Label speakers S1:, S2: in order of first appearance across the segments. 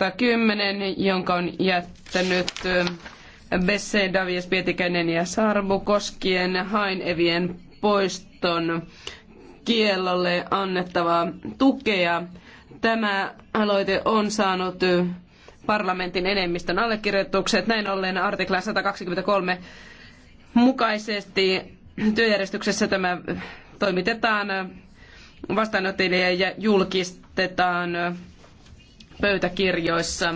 S1: 110, jonka on jättänyt eh, Besse, Davies, Pietikäinen ja Sarbu koskien hainevien poiston kiellolle annettavaa tukea. Tämä aloite on saanut eh, parlamentin enemmistön allekirjoitukset. Näin ollen artikla 123 mukaisesti työjärjestyksessä tämä toimitetaan eh, vastaanottajille ja julkistetaan pöytäkirjoissa.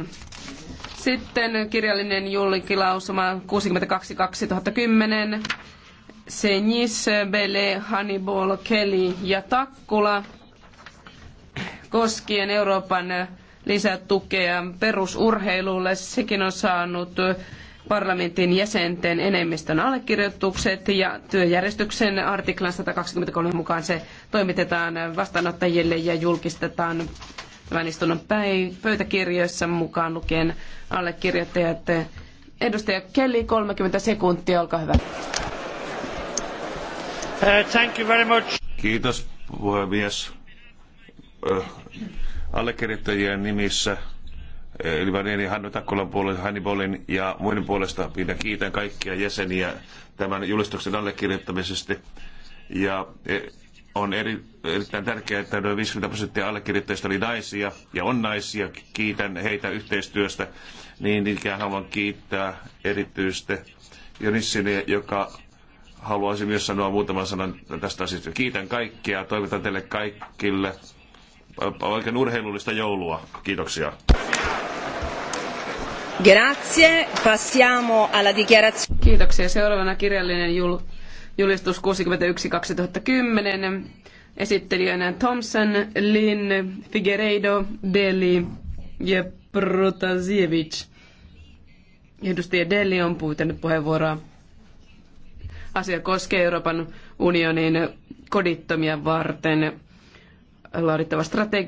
S1: Sitten kirjallinen julkilausuma 62 2010. Senis, Bele, Hannibal, Kelly ja Takkula koskien Euroopan lisätukea perusurheilulle. Sekin on saanut parlamentin jäsenten enemmistön allekirjoitukset ja työjärjestyksen artiklan 123 mukaan se toimitetaan vastaanottajille ja julkistetaan tämän istunnon pöytäkirjoissa mukaan lukien allekirjoittajat. Edustaja Kelly, 30 sekuntia, olkaa hyvä. Uh, thank you very much.
S2: Kiitos puhemies. Uh, allekirjoittajien nimissä uh, eli Ilvanieni Hannu Takkolan puolesta, Hannibalin ja muiden puolesta minä kiitän kaikkia jäseniä tämän julistuksen allekirjoittamisesta. Ja on eri, erittäin tärkeää, että noin 50 prosenttia allekirjoittajista oli naisia ja on naisia. Kiitän heitä yhteistyöstä. Niin ikään haluan kiittää erityisesti Jonissini, joka haluaisi myös sanoa muutaman sanan tästä asiasta. Kiitän kaikkia, toivotan teille kaikille oikein urheilullista joulua. Kiitoksia.
S1: Grazie. Passiamo alla dichiarazione. Kiitoksia. Seuraavana kirjallinen julkaisu julistus 61 2010 Esittelijänä Thompson, Lin, Figueiredo, Deli ja Protasiewicz. Edustaja Deli on pyytänyt puheenvuoroa. Asia koskee Euroopan unionin kodittomia varten laadittava strategia.